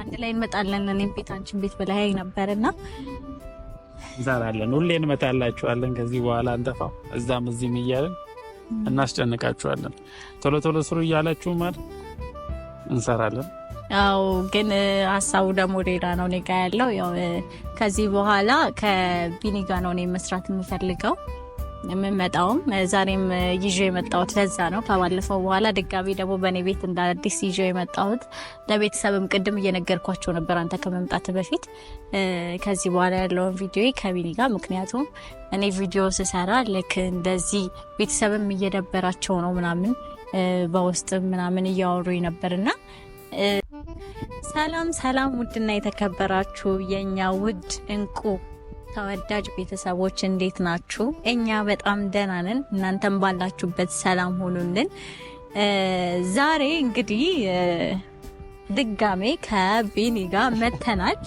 አንድ ላይ እንመጣለን። እኔም ቤት አንቺን ቤት በላይ ነበር እና እንሰራለን። ሁሌ እንመጣላችኋለን። ከዚህ በኋላ አንጠፋም። እዛም እዚህም እያለን እናስጨንቃችኋለን። ቶሎ ቶሎ ስሩ እያላችሁ ማለት እንሰራለን። ያው ግን ሀሳቡ ደግሞ ሌላ ነው። እኔ ጋ ያለው ያው ከዚህ በኋላ ከቢኒ ጋ ነው እኔ መስራት የምፈልገው የምመጣውም ዛሬም ይዤ የመጣሁት ለዛ ነው። ከባለፈው በኋላ ድጋሚ ደግሞ በእኔ ቤት እንደ አዲስ ይዤ የመጣሁት ለቤተሰብም ቅድም እየነገርኳቸው ነበር አንተ ከመምጣት በፊት ከዚህ በኋላ ያለውን ቪዲዮ ከቢኒ ጋር ምክንያቱም እኔ ቪዲዮ ስሰራ ልክ እንደዚህ ቤተሰብም እየደበራቸው ነው ምናምን በውስጥ ምናምን እያወሩ ነበርና ሰላም ሰላም፣ ውድና የተከበራችሁ የእኛ ውድ እንቁ ተወዳጅ ቤተሰቦች እንዴት ናችሁ? እኛ በጣም ደህና ነን። እናንተም ባላችሁበት ሰላም ሆኑልን። ዛሬ እንግዲህ ድጋሜ ከቢኒ ጋር መተናል።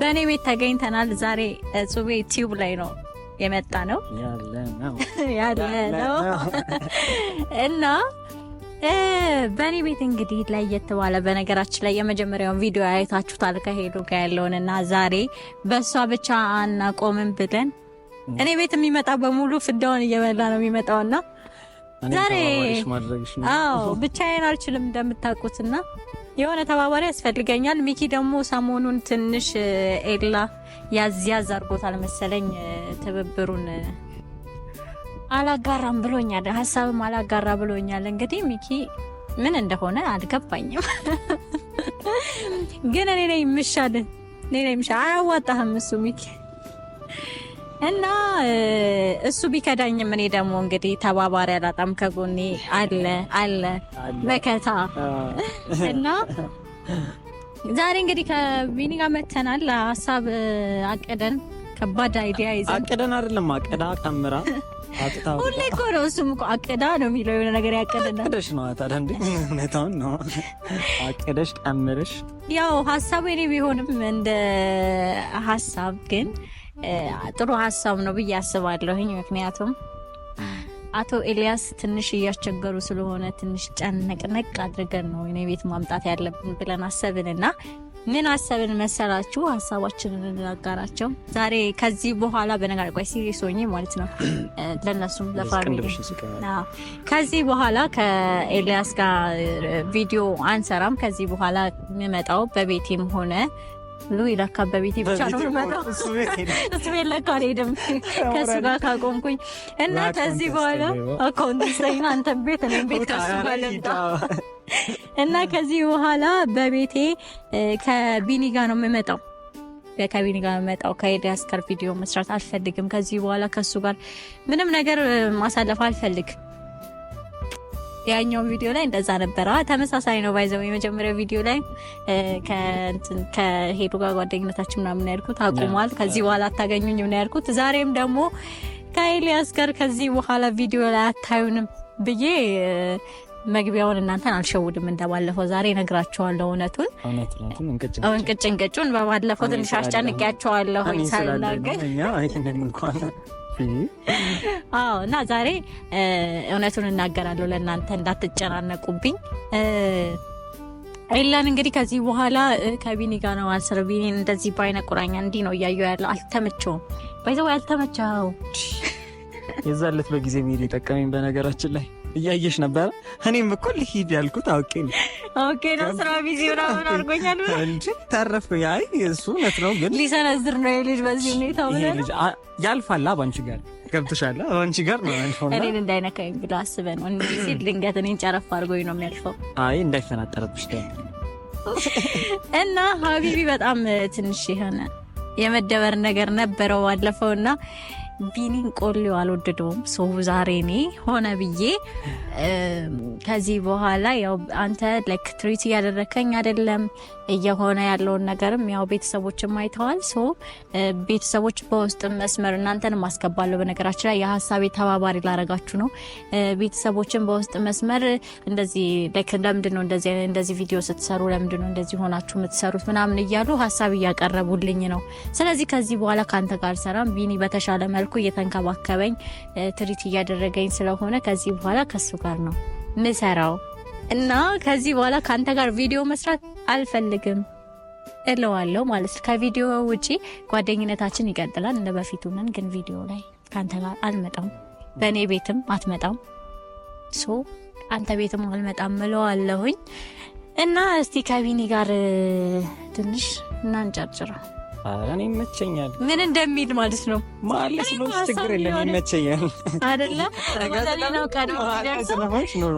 በእኔ ቤት ተገኝተናል። ዛሬ ጹቤ ቲዩብ ላይ ነው የመጣ ነው ያለ ነው እና በእኔ ቤት እንግዲህ ለየት ባለ በነገራችን ላይ የመጀመሪያውን ቪዲዮ አይታችሁታል ከሄዱ ጋር ያለውን እና ዛሬ በእሷ ብቻ አናቆምም ብለን እኔ ቤት የሚመጣ በሙሉ ፍዳውን እየበላ ነው የሚመጣው እና ዛሬ ብቻዬን አልችልም እንደምታውቁትና የሆነ ተባባሪ ያስፈልገኛል። ሚኪ ደግሞ ሰሞኑን ትንሽ ኤላ ያዝያዝ ያዝ አድርጎታል መሰለኝ ትብብሩን አላጋራም ብሎኛል። ሀሳብም አላጋራ ብሎኛል። እንግዲህ ሚኪ ምን እንደሆነ አልገባኝም፣ ግን እኔ ላይ ይምሻል፣ እኔ ላይ ይምሻል። አያዋጣህም እሱ ሚኪ እና እሱ ቢከዳኝም እኔ ደግሞ እንግዲህ ተባባሪ አላጣም ከጎኔ አለ አለ መከታ እና ዛሬ እንግዲህ ከቢኒ ጋር መተናል። ሀሳብ አቅደን ከባድ አይዲያ ይዘን አቅደን አይደለም አቅዳ ቀምራ ሁሌ እኮ ነው እሱም እኮ አቅዳ ነው የሚለው የሆነ ነገር ያቀደና አቅደሽ ነው ታዲያ እንደ ነው አቅደሽ ያው ቢሆንም እንደ ሀሳብ ግን ጥሩ ሀሳብ ነው ብዬ አስባለሁኝ። ምክንያቱም አቶ ኤልያስ ትንሽ እያስቸገሩ ስለሆነ ትንሽ ጨነቅነቅ አድርገን ነው እኔ ቤት ማምጣት ያለብን ብለን አሰብንና ምን አሰብን መሰላችሁ? ሀሳባችንን እንናጋራቸው ዛሬ ከዚህ በኋላ በነገር ቆይ ሲሪየስ ሆኜ ማለት ነው ለእነሱም ለፋሚሊ ከዚህ በኋላ ከኤልያስ ጋር ቪዲዮ አንሰራም። ከዚህ በኋላ የምመጣው በቤቴም ሆነ ሉ ይላካ በቤቴ ብቻ ነው የምመጣው። እሱ ቤት ለካ አልሄድም ከእሱ ጋር ካቆምኩኝ እና ከዚህ በኋላ አካውንቲንግ አንተ ቤት እኔም ቤት ከእሱ ጋር ልምጣ እና ከዚህ በኋላ በቤቴ ከቢኒ ጋር ነው የምመጣው ከቢኒ ጋር የምመጣው ከኤልያስ ጋር ቪዲዮ መስራት አልፈልግም። ከዚህ በኋላ ከእሱ ጋር ምንም ነገር ማሳለፍ አልፈልግም። ያኛው ቪዲዮ ላይ እንደዛ ነበረ። ተመሳሳይ ነው ባይዘው የመጀመሪያው ቪዲዮ ላይ ከሄዱ ጋር ጓደኝነታችን ምናምን ያልኩት አቁሟል፣ ከዚህ በኋላ አታገኙኝም ነው ያልኩት። ዛሬም ደግሞ ከኤልያስ ጋር ከዚህ በኋላ ቪዲዮ ላይ አታዩንም ብዬ መግቢያውን እናንተን አልሸውድም እንደባለፈው ዛሬ እነግራቸዋለሁ እውነቱን እንቅጭ እንቅጩን። በባለፈው ትንሽ አስጨንቄያቸዋለሁ ሳልናገር አዎ። እና ዛሬ እውነቱን እናገራለሁ ለእናንተ እንዳትጨናነቁብኝ። ኤላን እንግዲህ ከዚህ በኋላ ከቢኒ ጋር ነው አስር ቢኒ እንደዚህ በአይነ ቁራኛ እንዲህ ነው እያየሁ ያለው። አልተመቸውም፣ ባይዘው አልተመቸው የዛለት በጊዜ ሚሄድ ይጠቀመኝ በነገራችን ላይ እያየሽ ነበረ። እኔም እኮ ልሂድ ያልኩት አውቄ ነው ነው። ስራ ቢዚ ምናምን አድርጎኛል እንጂ አይ እሱ እውነት ነው፣ ግን ሊሰነዝር ነው የልጅ በዚህ ሁኔታ ያልፋላ። ባንቺ ጋር ጋር ነው ያልፈው። እኔን እንዳይነካኝ ብሎ አስበ ነው እንዲህ ሲል ድንገት እኔን ጨረፍ አድርጎኝ ነው የሚያልፈው። አይ እንዳይፈናጠረብሽ እና ሀቢቢ በጣም ትንሽ የሆነ የመደበር ነገር ነበረው ባለፈውና ቢኒን ቆሌው አልወደደውም። ሰው ዛሬ እኔ ሆነ ብዬ ከዚህ በኋላ ያው አንተ ላይክ ትሪት እያደረከኝ አይደለም እየሆነ ያለውን ነገርም ያው ቤተሰቦችም አይተዋል። ሶ ቤተሰቦች በውስጥ መስመር እናንተንም አስገባለሁ። በነገራችን ላይ የሀሳቤ ተባባሪ ላረጋችሁ ነው። ቤተሰቦችን በውስጥ መስመር እንደዚህ ላይክ ለምንድን ነው እንደዚህ ቪዲዮ ስትሰሩ ለምንድን ነው እንደዚህ ሆናችሁ የምትሰሩት ምናምን እያሉ ሀሳብ እያቀረቡልኝ ነው። ስለዚህ ከዚህ በኋላ ከአንተ ጋር ሰራም ቢኒ በተሻለ መልኩ መልኩ እየተንከባከበኝ ትሪት እያደረገኝ ስለሆነ ከዚህ በኋላ ከሱ ጋር ነው ምሰራው እና ከዚህ በኋላ ከአንተ ጋር ቪዲዮ መስራት አልፈልግም እለዋለሁ ማለት ከቪዲዮ ውጪ ጓደኝነታችን ይቀጥላል እንደ በፊቱ ነን። ግን ቪዲዮ ላይ ከአንተ ጋር አልመጣም፣ በእኔ ቤትም አትመጣም፣ ሶ አንተ ቤትም አልመጣም እለዋለሁኝ እና እስቲ ከቢኒ ጋር ትንሽ እናንጨርጭረው። እኔ ይመቸኛል። ምን እንደሚል ማለት ነው ማለት ነው። ችግር የለም ይመቸኛል። አይደለም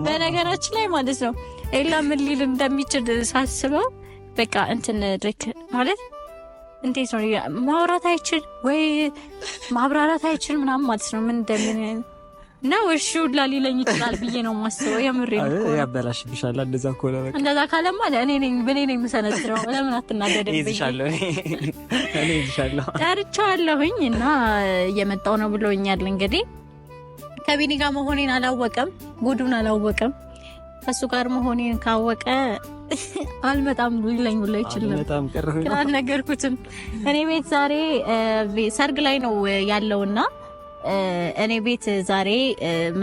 በነገራችን ላይ ማለት ነው ኤላ ምን ሊል እንደሚችል ሳስበው በቃ እንትን ልክ ማለት እንዴት ነው ማውራት አይችል ወይ ማብራራት አይችል ምናምን ማለት ነው ምን እንደምን ነው እሺ፣ ሁላ ሊለኝ ይችላል ብዬ ነው ማስበው። የምሬ ነው። ያበላሽብሻል። እንደዛ ከሆነ እንደዛ ካለማ እኔ ነኝ በእኔ ነኝ የምሰነዝረው። ለምን አትናደደብኝ? ይዝሻለሁ፣ ጠርቼዋለሁኝ እና እየመጣው ነው ብሎኛል። እንግዲህ ከቢኒ ጋር መሆኔን አላወቀም፣ ጉዱን አላወቀም። ከእሱ ጋር መሆኔን ካወቀ አልመጣም ሊለኝ ሁላ ይችላል። ነገርኩትም እኔ ቤት ዛሬ ሰርግ ላይ ነው ያለውና እኔ ቤት ዛሬ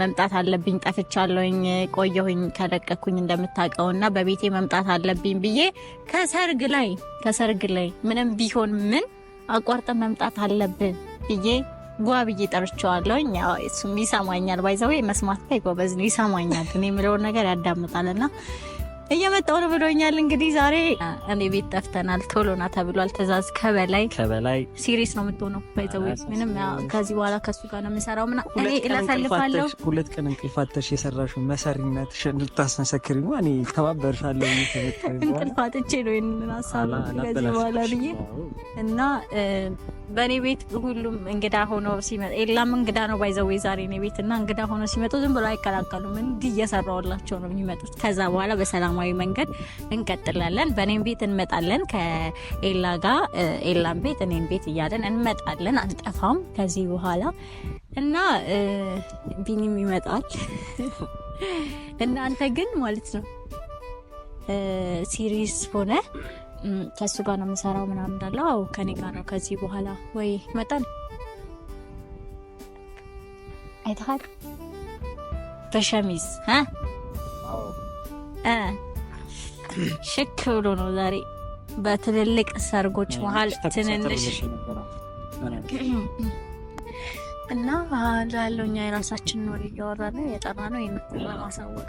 መምጣት አለብኝ፣ ጠፍቻለሁኝ፣ ቆየሁኝ ከለቀኩኝ እንደምታውቀው እና በቤቴ መምጣት አለብኝ ብዬ ከሰርግ ላይ ከሰርግ ላይ ምንም ቢሆን ምን አቋርጠን መምጣት አለብን ብዬ ጓ ብዬ ጠርቸዋለሁኝ። እሱም ይሰማኛል፣ ባይዘዌ መስማት ላይ ጎበዝ ነው፣ ይሰማኛል። እኔ የምለውን ነገር ያዳምጣልና እየመጣው ነው ብሎኛል። እንግዲህ ዛሬ እኔ ቤት ጠፍተናል። ቶሎ ና ተብሏል ትዕዛዝ ከበላይ ከበላይ ሲሪስ ነው የምትሆነው። ባይዘወ ምንም ከዚህ በኋላ ከሱ ጋር ነው የምሰራው። ምና እኔ እለፈልፋለሁ። ሁለት ቀን እንቅልፍ አጥተሽ የሰራሽው መሰሪነትሽን ልታስመሰክሪ እኔ ተባበርሻለሁ። እንቅልፍ አጥቼ ነው ይንን ሀሳብ ከዚህ በኋላ ብዬ እና በእኔ ቤት ሁሉም እንግዳ ሆኖ ሲመጣ ኤላም እንግዳ ነው ባይዘዌ ዛሬ እኔ ቤት እና እንግዳ ሆኖ ሲመጡ ዝም ብሎ አይከላከሉም። እንዲህ እየሰራውላቸው ነው የሚመጡት። ከዛ በኋላ በሰላማዊ መንገድ እንቀጥላለን። በእኔም ቤት እንመጣለን ከኤላ ጋር ኤላም ቤት እኔም ቤት እያለን እንመጣለን። አንጠፋም ከዚህ በኋላ እና ቢኒም ይመጣል። እናንተ ግን ማለት ነው ሲሪስ ሆነ ከእሱ ጋር ነው የምሰራው ምናምን እንዳለው፣ አዎ ከኔ ጋር ነው ከዚህ በኋላ ወይ መጠን አይተሃል። በሸሚዝ ሽክ ብሎ ነው ዛሬ በትልልቅ ሰርጎች መሀል ትንንሽ እና ያለውኛ የራሳችን ኖር እያወራ ነው የጠራ ነው የምትለማሳወቅ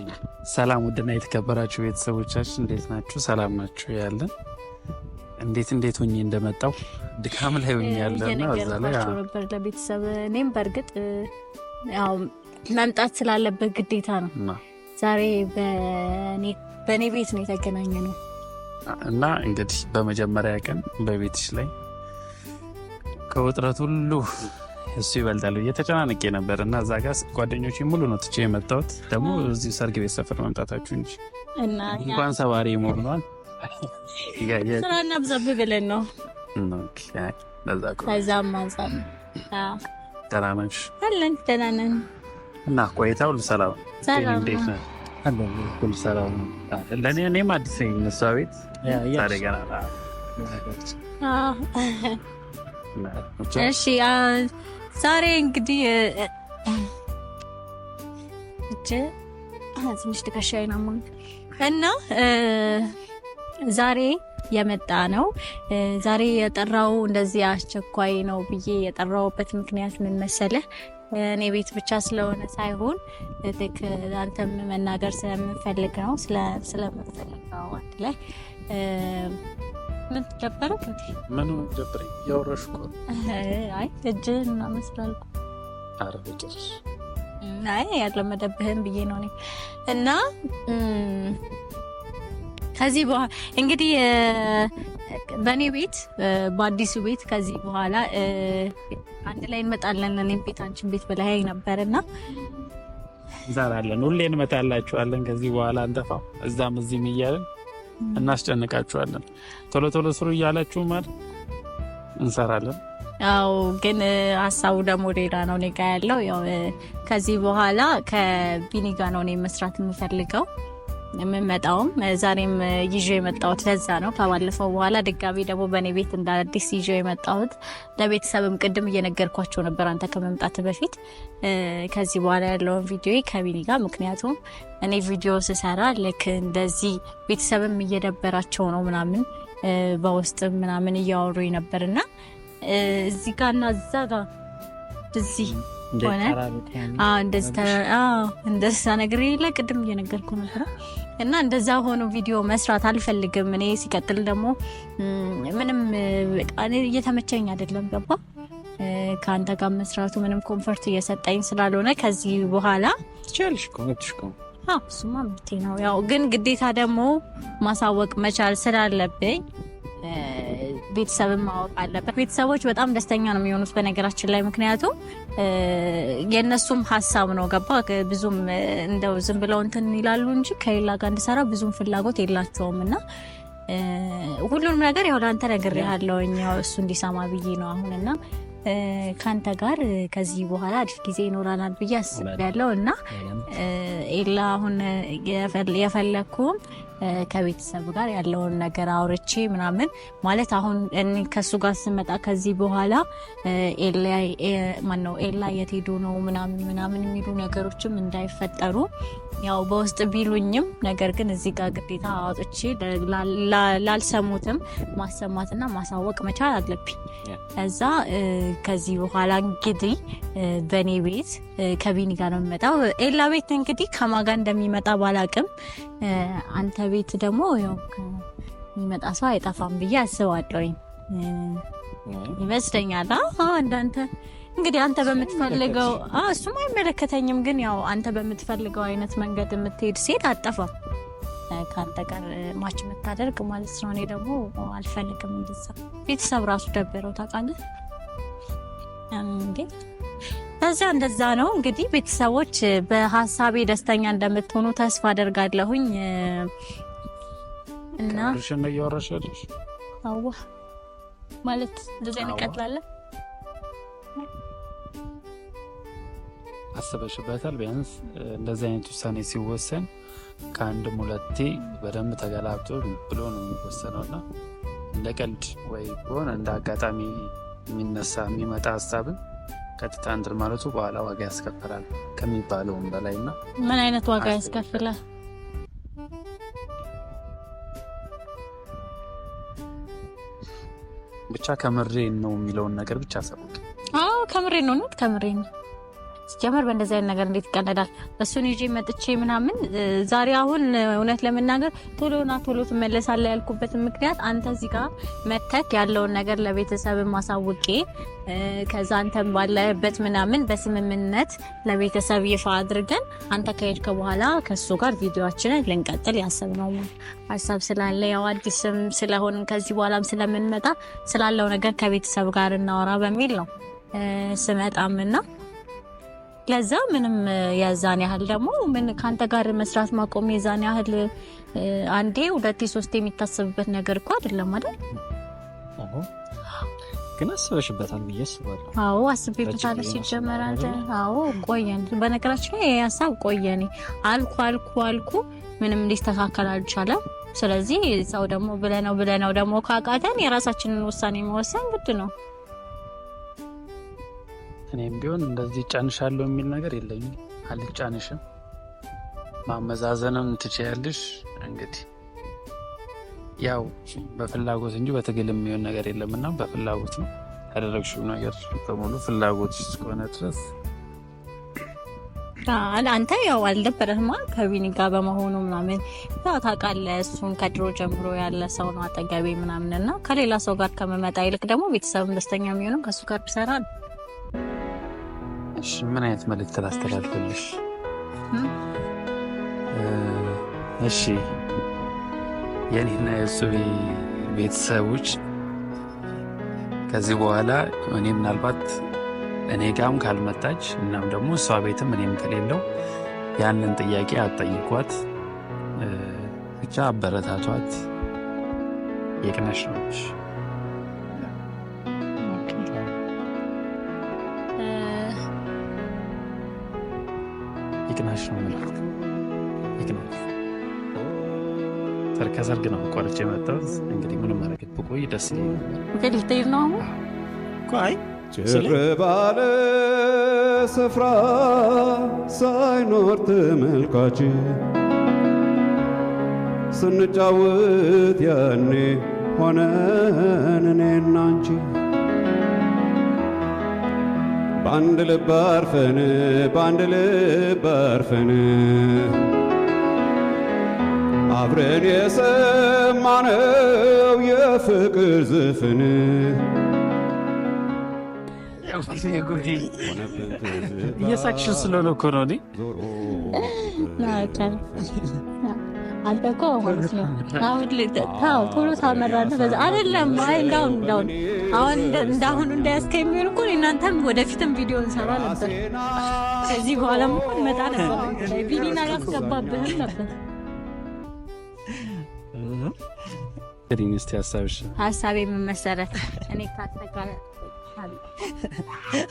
ቤተሰቦቻችን ሰላም፣ ውድና የተከበራችሁ ቤተሰቦቻችን እንዴት ናችሁ? ሰላም ናችሁ? ያለን እንዴት እንዴት ሆኜ እንደመጣው ድካም ላይ ሆኜ ያለና እዛ ላይ ነበር ለቤተሰብ እኔም በእርግጥ ያው መምጣት ስላለበት ግዴታ ነው። ዛሬ በእኔ ቤት ነው የተገናኘ ነው እና እንግዲህ በመጀመሪያ ቀን በቤትሽ ላይ ከውጥረት ሁሉ እሱ ይበልጣል ብዬ ተጨናንቄ ነበር እና እዛ ጋ ጓደኞች ሙሉ ነው ትቼ የመጣሁት። ደግሞ እዚህ ሰርግ ቤት ሰፈር መምጣታችሁ እንጂ እንኳን ሰባሪ መሆኗል ስራና ብዛብ ብለን ነው። ከዛም አንጻር ደህና ነሽ? አለን ደህና ነን። እና ቆይታ ሁሉ ሰላም እንዴት ነህ? ሁሉ ሰላም ለእኔ እኔም አዲስ ነኝ እሷ ቤት ታዲያ ገና እሺ ዛሬ እንግዲህ እጄ ትንሽ ትከሻዬ ነው እና ዛሬ የመጣ ነው። ዛሬ የጠራው እንደዚህ አስቸኳይ ነው ብዬ የጠራውበት ምክንያት ምን መሰለህ? እኔ ቤት ብቻ ስለሆነ ሳይሆን ልክ አንተም መናገር ስለምፈልግ ነው ስለምፈልግ ነው አንድ ላይ ምን ደበረ? ምኑ ደብረ ያወራሽ እኮ አይ እጅህን ምናምን ስላልኩ ኧረ በጭራሽ አይ ያለመደብህን ብዬ ነው እኔ እና ከዚህ በኋላ እንግዲህ በእኔ ቤት በአዲሱ ቤት ከዚህ በኋላ አንድ ላይ እንመጣለን። እኔም ቤት አንቺን ቤት በላይ ነበር እና እንሰራለን። ሁሌ እንመጣላችኋለን። ከዚህ በኋላ እንጠፋም እዛም እዚህም እያለን እናስጨንቃችኋለን። ቶሎ ቶሎ ስሩ እያላችሁ ማል እንሰራለን። ያው ግን ሀሳቡ ደግሞ ሌላ ነው። እኔ ጋ ያለው ያው ከዚህ በኋላ ከቢኒ ጋ ነው እኔ መስራት የምፈልገው የምመጣውም ዛሬም ይዤ የመጣሁት ለዛ ነው። ከባለፈው በኋላ ድጋሚ ደግሞ በእኔ ቤት እንደ አዲስ ይዤ የመጣሁት ለቤተሰብም ቅድም እየነገርኳቸው ነበር አንተ ከመምጣት በፊት ከዚህ በኋላ ያለውን ቪዲዮ ከቢኒ ጋር ምክንያቱም እኔ ቪዲዮ ስሰራ ልክ እንደዚህ ቤተሰብም እየደበራቸው ነው ምናምን በውስጥ ምናምን እያወሩ ነበር እና እዚህ ጋር እና እዛ ጋር እዚህ ሆነ እንደዚህ እንደዛ ነገር የለ ቅድም እየነገርኩ ነበር እና እንደዛ ሆኖ ቪዲዮ መስራት አልፈልግም እኔ። ሲቀጥል ደግሞ ምንም እየተመቸኝ አይደለም ገባ ከአንተ ጋር መስራቱ ምንም ኮንፈርት እየሰጠኝ ስላልሆነ ከዚህ በኋላ ትችያለሽ እኮ መብትሽ እኮ እሱማ መብቴ ነው። ያው ግን ግዴታ ደግሞ ማሳወቅ መቻል ስላለብኝ ቤተሰብን ማወቅ አለበት። ቤተሰቦች በጣም ደስተኛ ነው የሚሆኑት በነገራችን ላይ ምክንያቱም የእነሱም ሀሳብ ነው ገባ ብዙም እንደው ዝም ብለው እንትን ይላሉ እንጂ ከሌላ ጋር እንድሰራ ብዙም ፍላጎት የላቸውም እና ሁሉንም ነገር ያው ለአንተ ነግሬሃለሁኝ ያው እሱ እንዲሰማ ብዬ ነው አሁን እና ከአንተ ጋር ከዚህ በኋላ አሪፍ ጊዜ ይኖራናል ብዬ አስቤያለሁ እና ኤላ አሁን የፈለግኩም ከቤተሰቡ ጋር ያለውን ነገር አውርቼ ምናምን ማለት አሁን እኔ ከሱ ጋር ስመጣ ከዚህ በኋላ ማነው ኤላ የት ሄዶ ነው ምናምን ምናምን የሚሉ ነገሮችም እንዳይፈጠሩ ያው በውስጥ ቢሉኝም ነገር ግን እዚህ ጋር ግዴታ አውጥቼ ላልሰሙትም ማሰማትና ማሳወቅ መቻል አለብኝ። ከዛ ከዚህ በኋላ እንግዲህ በእኔ ቤት ከቢኒ ጋር ነው የሚመጣው። ኤላ ቤት እንግዲህ ከማጋ እንደሚመጣ ባላቅም አንተ ቤት ደግሞ ያው የሚመጣ ሰው አይጠፋም ብዬ አስባለሁኝ ይመስለኛል። እንዳንተ እንግዲህ አንተ በምትፈልገው እሱም አይመለከተኝም፣ ግን ያው አንተ በምትፈልገው አይነት መንገድ የምትሄድ ሴት አጠፋም ከአንተ ጋር ማች የምታደርግ ማለት ነው። እኔ ደግሞ አልፈልግም። እንደዛ ቤተሰብ ራሱ ደብረው ታውቃለህ እንዴ ከዚያ እንደዛ ነው እንግዲህ ቤተሰቦች፣ በሀሳቤ ደስተኛ እንደምትሆኑ ተስፋ አደርጋለሁኝ እና እያወራሻለሽ አዋ ማለት እንቀጥላለን። አስበሽበታል? ቢያንስ እንደዚህ አይነት ውሳኔ ሲወሰን ከአንድም ሁለቴ በደንብ ተገላብጦ ብሎ ነው የሚወሰነውና እንደ ቀልድ ወይ ሆን እንደ አጋጣሚ የሚነሳ የሚመጣ ሀሳብን ቀጥታ እንትን ማለቱ በኋላ ዋጋ ያስከፍላል ከሚባለውም በላይ እና ምን አይነት ዋጋ ያስከፍላል? ብቻ ከምሬን ነው የሚለውን ነገር ብቻ ሰሩት። አዎ ከምሬን ነው፣ ከምሬን ነው። ሲጀመር በእንደዚህ አይነት ነገር እንዴት ይቀለዳል? እሱን ይዤ መጥቼ ምናምን ዛሬ አሁን እውነት ለመናገር ቶሎና ቶሎ ትመለሳለ ያልኩበት ምክንያት አንተ እዚህ ጋር መተክ ያለውን ነገር ለቤተሰብ ማሳውቄ ከዛ አንተም ባለበት ምናምን በስምምነት ለቤተሰብ ይፋ አድርገን አንተ ከሄድከ በኋላ ከእሱ ጋር ቪዲዮችንን ልንቀጥል ያሰብነው ሀሳብ ስላለ ያው አዲስም ስለሆን ከዚህ በኋላም ስለምንመጣ ስላለው ነገር ከቤተሰብ ጋር እናወራ በሚል ነው ስመጣምና ለዛ ምንም የዛን ያህል ደግሞ ምን ከአንተ ጋር መስራት ማቆም የዛን ያህል አንዴ ሁለቴ ሶስቴ የሚታሰብበት ነገር እኮ አይደለም አይደል? ግን አስበሽበታል ብዬ አስባለሁ። አዎ ሲጀመር አንተ አዎ ቆየን። በነገራችን ላይ ሀሳብ ቆየኔ አልኩ አልኩ አልኩ ምንም ሊስተካከል አልቻለም። ስለዚህ ሰው ደግሞ ብለነው ብለነው ደግሞ ካቃተን የራሳችንን ውሳኔ መወሰን ግድ ነው። እኔም ቢሆን እንደዚህ ጫንሻለሁ የሚል ነገር የለኝም። አልጫንሽም። ማመዛዘንም ትችያለሽ። እንግዲህ ያው በፍላጎት እንጂ በትግል የሚሆን ነገር የለምና በፍላጎት ነው ያደረግሽው ነገር በሙሉ ፍላጎት እስከሆነ ድረስ አንተ ያው አልነበረህማ ከቢኒ ጋር በመሆኑ ምናምን ታውቃለህ። እሱን ከድሮ ጀምሮ ያለ ሰው ነው አጠገቤ ምናምን እና ከሌላ ሰው ጋር ከመመጣ ይልቅ ደግሞ ቤተሰብም ደስተኛ የሚሆነው ከእሱ ጋር ብሰራ ነው። ምን አይነት መልእክት ላስተላልፍልሽ? እሺ የኔና የእሱቤ ቤተሰቦች ከዚህ በኋላ እኔ ምናልባት እኔ ጋም ካልመጣች እናም ደግሞ እሷ ቤትም እኔም ከሌለው ያንን ጥያቄ አጠይቋት ብቻ አበረታቷት። የቅናሽ ነች። ይቅናሽ ነው የምላት። ይቅናሽ ሰርግ ከሰርግ ነው ቆርጬ የመጣሁት። እንግዲህ ምንም ማድረግ ብቆይ ደስ ይልልትይል ነው ይ ጭር ባለ ስፍራ ሳይኖር ተመልካች ስንጫወት ያኔ ሆነን እኔና አንቺ በአንድ ልብ አርፈን በአንድ ልብ አርፈን አብረን የሰማነው የፍቅር ዘፈን እየሳቅሽን ስለሆነ እኮ ነው። አንተ እኮ ማለት ነው አሁን ልታው ቶሎ ታመራለህ። በዛ አይደለም አይ እንዳው እንዳው አሁን እንዳሁን እንዳያስከ የሚሆን እኮ እናንተም ወደፊትም ቪዲዮ እንሰራ ነበር። ከዚህ በኋላም እኮ እንመጣ ነበር። ቪዲዮን አላስገባብህም ነበር። ሀሳብሽ ሀሳቤ ምን መሰለህ? እኔ ካተካለ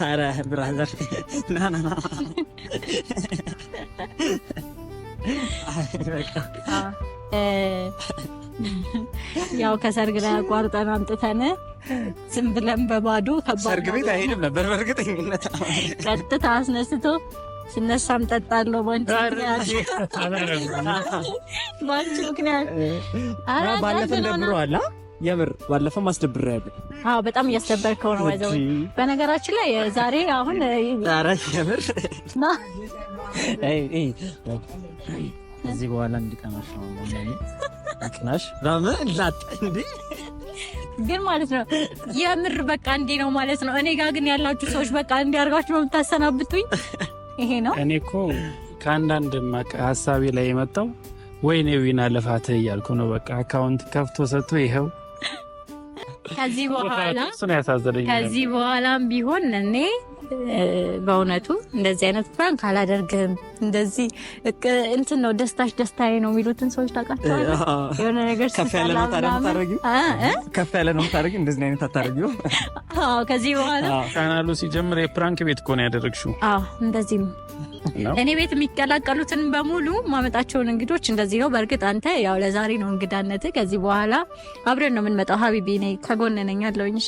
አረ ብራዘር ና ና ና ያው ከሰርግ ላይ አቋርጠን አምጥተን ዝም ብለን በባዶ ሰርግ ቤት አይሄድም ነበር በእርግጠኝነት ቀጥታ አስነስቶ ስነሳም ጠጣለሁ ባንቺ ምክንያት ባለፈ አላ የምር ባለፈው ማስደብር ያለ አዎ፣ በጣም እያስደበርከው ነው። ይዘው በነገራችን ላይ ዛሬ አሁን ኧረ የምር እዚህ በኋላ እንዲቀናሽ ነው እንዲ ግን ማለት ነው የምር በቃ እንዲህ ነው ማለት ነው። እኔ ጋር ግን ያላችሁ ሰዎች በቃ እንዲያርጋችሁ ነው የምታሰናብቱኝ። ይሄ ነው እኔ እኮ ከአንዳንድ ሀሳቤ ላይ የመጣው ወይኔ ዊና ልፋትህ እያልኩ ነው። በቃ አካውንት ከፍቶ ሰጥቶ ይኸው ከዚህ በኋላ ከዚህ በኋላም ቢሆን እኔ በእውነቱ እንደዚህ አይነት ፕራንክ አላደርግም፣ እንደዚህ እንትን ነው ደስታሽ ደስታዬ ነው የሚሉትን ሰዎች ታውቃቸዋለህ። የሆነ ነገር ከፍ ያለ ነው የምታደርጊው፣ እንደዚህ አይነት አታደርጊው። ከዚህ በኋላ ቻናሉ ሲጀምር የፕራንክ ቤት ከሆነ ያደረግሽው እንደዚህም እኔ ቤት የሚቀላቀሉትን በሙሉ ማመጣቸውን እንግዶች እንደዚህ ነው። በእርግጥ አንተ ያው ለዛሬ ነው እንግዳነት፣ ከዚህ በኋላ አብረን ነው የምንመጣው። ሀቢቢ እኔ ከጎን ነኝ ያለሁኝ። እሺ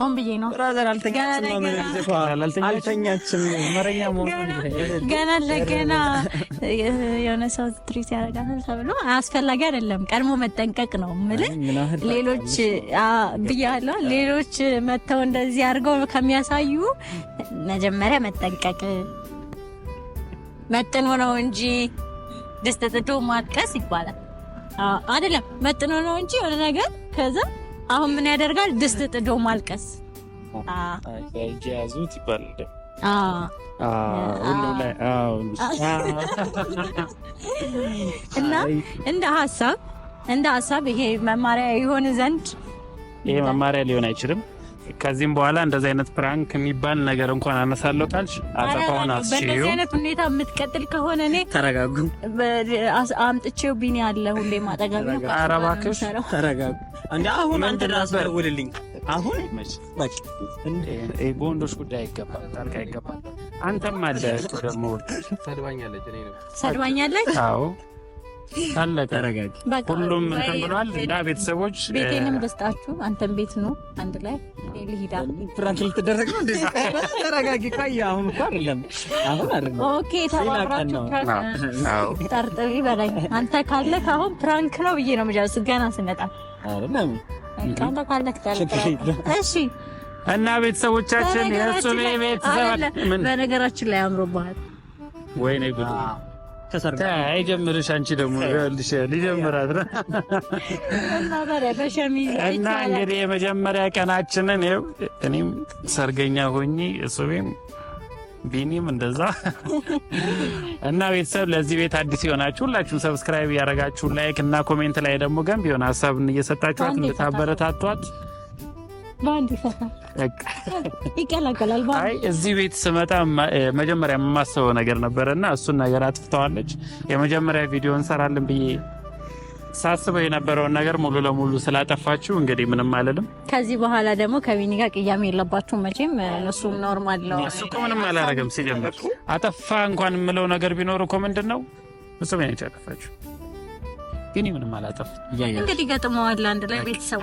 ሆን ብዬ ነው። ብራዘር አልተኛችም። መረኛ ገና ለገና የሆነ ሰው ትሪት ያደርጋታል ተብሎ አስፈላጊ አይደለም። ቀድሞ መጠንቀቅ ነው የምልህ። ሌሎች ብያለሁ፣ ሌሎች መጥተው እንደዚህ አድርገው ከሚያሳዩ መጀመሪያ መጠንቀቅ መጥኖ ነው እንጂ ደስተጥዶ ማጥቀስ ይባላል አይደለም። መጥኖ ነው እንጂ የሆነ ነገር ከዛ አሁን ምን ያደርጋል? ድስት ጥዶ ማልቀስ ያዙት ይባላል። እና እንደ ሀሳብ እንደ ሀሳብ ይሄ መማሪያ ይሆን ዘንድ ይሄ መማሪያ ሊሆን አይችልም። ከዚህም በኋላ እንደዚህ አይነት ፕራንክ የሚባል ነገር እንኳን አነሳለሁ ካልሽ አጠፋውን አስችዩ። በእንደዚህ አይነት ሁኔታ የምትቀጥል ከሆነ እኔ ተረጋጉ፣ አምጥቼው ቢኒ አለ ሁሌ ማጠጋቢ። ኧረ እባክሽ ተረጋጉ። እንደ አሁን አንተ ራስህ ደውልልኝ። አሁን በወንዶች ጉዳይ አይገባም፣ ጣልቃ አይገባም። አንተም አለ ደግሞ ሰድባኛለች፣ ሰድባኛለች። አዎ ታለቀ ሁሉም እንትን ብሏል እና ቤተሰቦች ቤቴንም ደስጣችሁ ቤት ነው አንድ ላይ ልሂዳ ፍራንክ ልትደረግ ነው። ተረጋጊ። አሁን እኮ አይደለም አሁን አይደለም። ኦኬ ተባብራችሁ ጠርጥሪ በላይ አንተ ካለክ አሁን ፕራንክ ነው ብዬ ነው ስመጣ አይደለም። አንተ እሺ እና ቤተሰቦቻችን የእሱ ቤት በነገራችን ላይ አምሮባሃል ወይ ነው ተሰርጋ አይጀምርሽ። አንቺ ደግሞ ሊጀምራት እና እንግዲህ የመጀመሪያ ቀናችንን ው እኔም ሰርገኛ ሆኜ እሱቤም ቢኒም እንደዛ እና ቤተሰብ ለዚህ ቤት አዲስ የሆናችሁ ሁላችሁም ሰብስክራይብ እያደረጋችሁ ላይክ እና ኮሜንት ላይ ደግሞ ገንቢ የሆነ ሀሳብ እየሰጣችኋት እንድታበረታቷት በአንድ ይፈታል ይቀላቀላል። አይ እዚህ ቤት ስመጣ መጀመሪያ የማስበው ነገር እና እሱን ነገር አጥፍተዋለች። የመጀመሪያ ቪዲዮ እንሰራለን ብዬ ሳስበው የነበረውን ነገር ሙሉ ለሙሉ ስላጠፋችሁ እንግዲህ ምንም አልልም። ከዚህ በኋላ ደግሞ ከቢኒ ጋር ቅያሜ የለባችሁ መቼም። እሱ ኖርማል ነው። እሱ እኮ ምንም አላረገም። ሲጀምር አጠፋ እንኳን የምለው ነገር ቢኖር እኮ ምንድን ነው እሱ ምን ግን ምንም አላጠፍ እንግዲህ ገጥመዋል። አንድ ላይ ቤተሰብ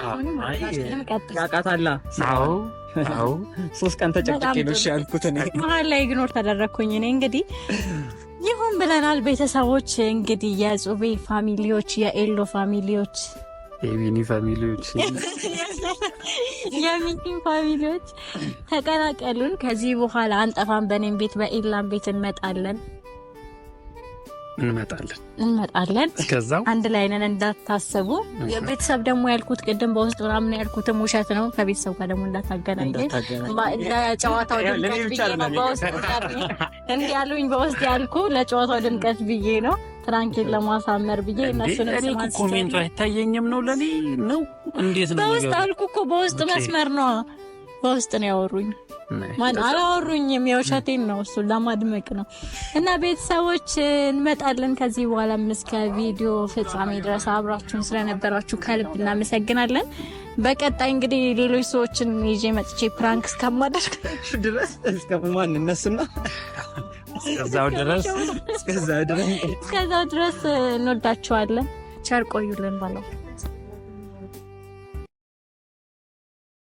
ያቃታላ ሶስት ቀን ተጨቅጭቄ ነው ያልኩት። መሀል ላይ ግኖር ተደረግኩኝ እኔ እንግዲህ ይሁን ብለናል። ቤተሰቦች እንግዲህ የጹቤ ፋሚሊዎች፣ የኤሎ ፋሚሊዎች፣ የሚኒ ፋሚሊዎች፣ የሚኒ ፋሚሊዎች ተቀላቀሉን። ከዚህ በኋላ አንጠፋም። በእኔም ቤት በኤላም ቤት እንመጣለን። እንመጣለን እንመጣለን። እስከዛው አንድ ላይ ነን እንዳታሰቡ። ቤተሰብ ደግሞ ያልኩት ቅድም በውስጥ ምናምን ያልኩትም ውሸት ነው። ከቤተሰብ ጋር ደግሞ እንዳታገናኝ ለጨዋታው እንዲ ያሉኝ በውስጥ ያልኩ ለጨዋታው ድምቀት ብዬ ነው። ትራንኪን ለማሳመር ብዬ እነሱንም ኮሜንቱ አይታየኝም ነው ለኔ ነው። እንዴት ነው በውስጥ አልኩ እኮ በውስጥ መስመር ነው በውስጥ ነው ያወሩኝ። አላወሩኝም፣ የውሸቴን ነው። እሱ ለማድመቅ ነው። እና ቤተሰቦች እንመጣለን ከዚህ በኋላ እስከ ቪዲዮ ፍጻሜ ድረስ አብራችሁን ስለነበራችሁ ከልብ እናመሰግናለን። በቀጣይ እንግዲህ ሌሎች ሰዎችን ይዤ መጥቼ ፕራንክ እስከማደርግ ድረስ እስከማን እነሱና እስከዛው ድረስ እስከዛው ድረስ እንወዳችኋለን። ቸር ቆዩልን ባለው